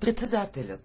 Председателят.